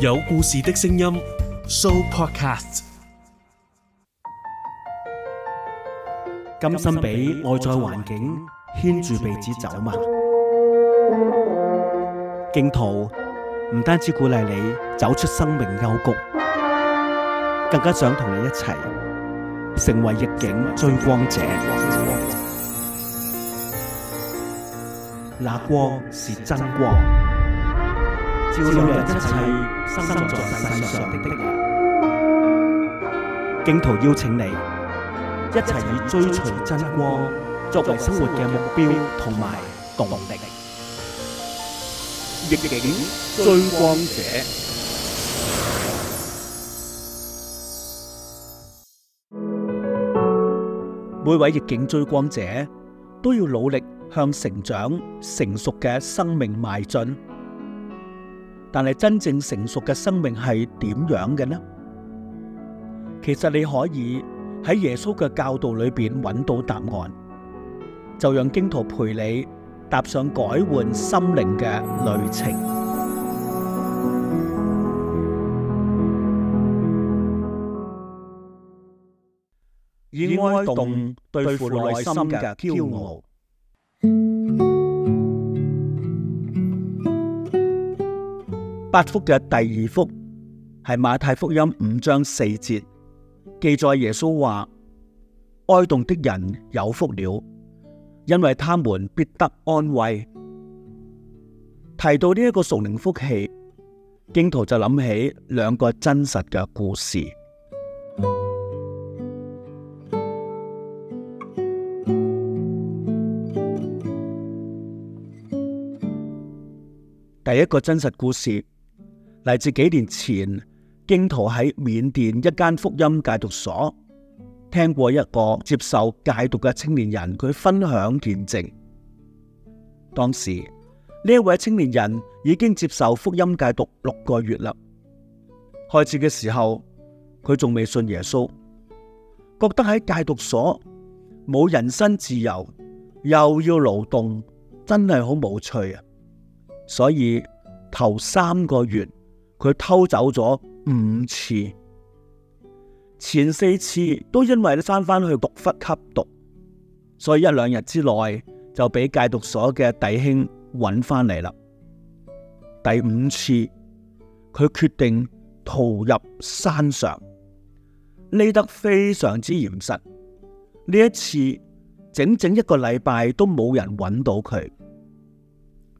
有故事的聲音，Sooopodcast。甘心俾外在環境牽住鼻子走嘛？荊徒唔單止鼓勵你走出生命幽谷，更加想同你一齊成為逆境追光者。那光是真光。照亮一切生在世上的的人，荊徒邀請你一齊以追隨真光作為生活嘅目標同埋動力。逆境追光者，每位逆境追光者都要努力向成長成熟嘅生命邁進。但係真正成熟嘅生命係點樣嘅呢？其實你可以喺耶穌嘅教導裏邊揾到答案，就讓荊徒陪你踏上改換心靈嘅旅程，以哀慟對付內心嘅驕傲。八福嘅第二福係馬太福音五章四節記載耶穌話：哀慟的人有福了，因為他們必得安慰。提到呢一個屬靈福氣，荊徒就諗起兩個真實嘅故事。第一個真實故事。嚟自幾年前，荊徒喺緬甸一間福音戒毒所聽過一個接受戒毒嘅青年人，佢分享見證。當時呢一位青年人已經接受福音戒毒六個月啦。開始嘅時候，佢仲未信耶穌，覺得喺戒毒所冇人身自由，又要勞動，真係好無趣啊！所以頭三個月。佢偷走咗五次，前四次都因為咧翻翻去毒窟吸毒，所以一兩日之內就俾戒毒所嘅弟兄揾翻嚟啦。第五次，佢決定逃入山上，匿得非常之嚴實。呢一次整整一個禮拜都冇人揾到佢，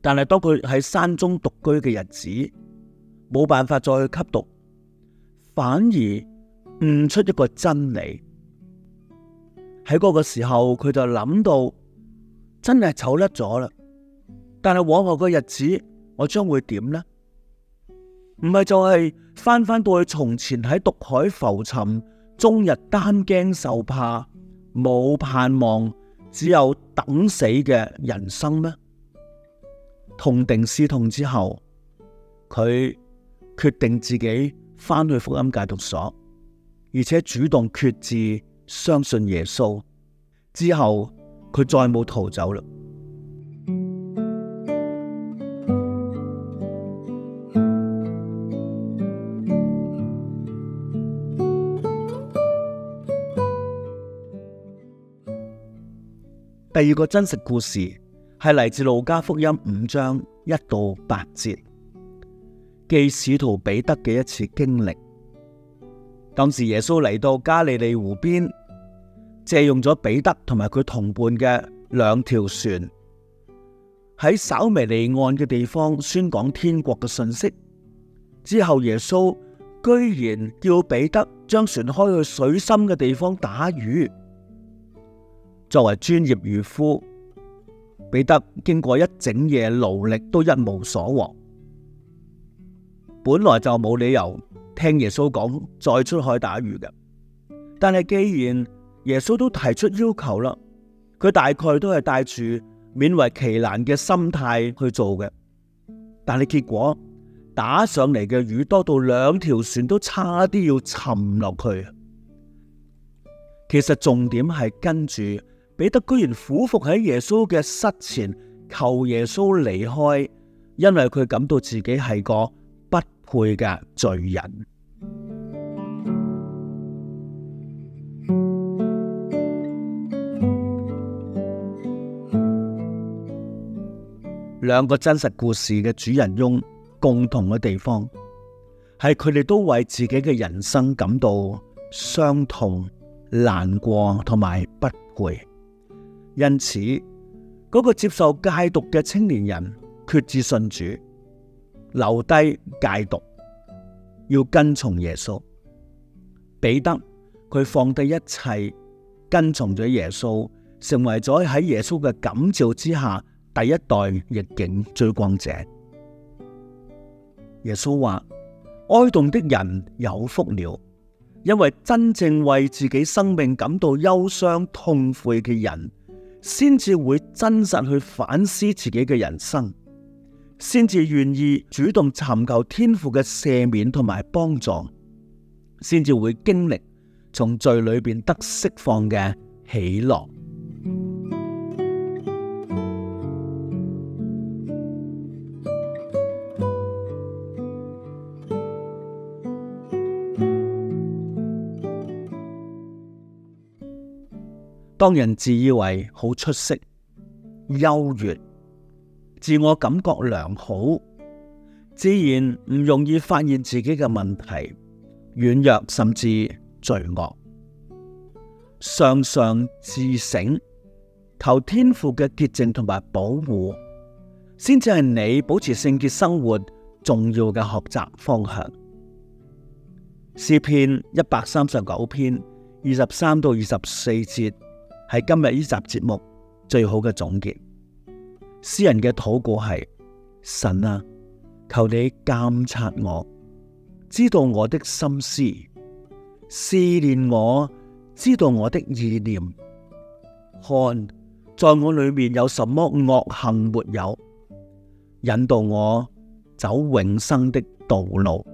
但係當佢喺山中獨居嘅日子。冇辦法再去吸毒，反而悟出一個真理。喺嗰個時候，佢就諗到真係丑甩咗啦。但係往後嘅日子，我將會點呢？唔係就係返返到去從前喺毒海浮沉，終日擔驚受怕，冇盼望，只有等死嘅人生咩？痛定思痛之後，佢。決定自己翻去福音戒毒所，而且主動決志相信耶穌之後，佢再冇逃走啦。第二個真實故事係嚟自路加福音五章一到八節。記使徒彼得嘅一次經歷，當時耶穌嚟到加利利湖邊，借用咗彼得同埋佢同伴嘅兩條船，喺稍微離岸嘅地方宣講天國嘅信息。之後耶穌居然叫彼得將船開去水深嘅地方打魚。作為專業漁夫，彼得經過一整夜努力都一無所獲。本來就冇理由聽耶穌講再出海打魚嘅，但係既然耶穌都提出要求啦，佢大概都係帶住勉為其難嘅心態去做嘅。但係結果打上嚟嘅魚多到兩條船都差啲要沉落去。其實重點係跟住彼得居然俯伏喺耶穌嘅膝前求耶穌離開，因為佢感到自己係個。配嘅罪人，兩個真實故事嘅主人翁共同嘅地方係佢哋都為自己嘅人生感到傷痛、難過同埋不配，因此嗰、那個接受戒毒嘅青年人決志信主。留低戒毒，要跟從耶穌。彼得佢放低一切，跟從咗耶穌，成為咗喺耶穌嘅感召之下第一代逆境追光者。耶穌話：哀慟的人有福了，因為真正為自己生命感到憂傷痛悔嘅人，先至會真實去反思自己嘅人生。先至願意主動尋求天父嘅赦免同埋幫助，先至會經歷從罪裏面得釋放嘅喜樂。當人自以為好出色、優越。自我感覺良好，自然唔容易發現自己嘅問題、軟弱甚至罪惡，常常自省，求天父嘅潔淨同埋保護，先至係你保持聖潔生活重要嘅學習方向。詩篇一百三十九篇二十三到二十四節係今日呢集節目最好嘅總結。詩人嘅禱告係：神啊，求你監察我，知道我的心思，試煉我，知道我的意念，看在我裏面有什麼惡行沒有，引導我走永生的道路。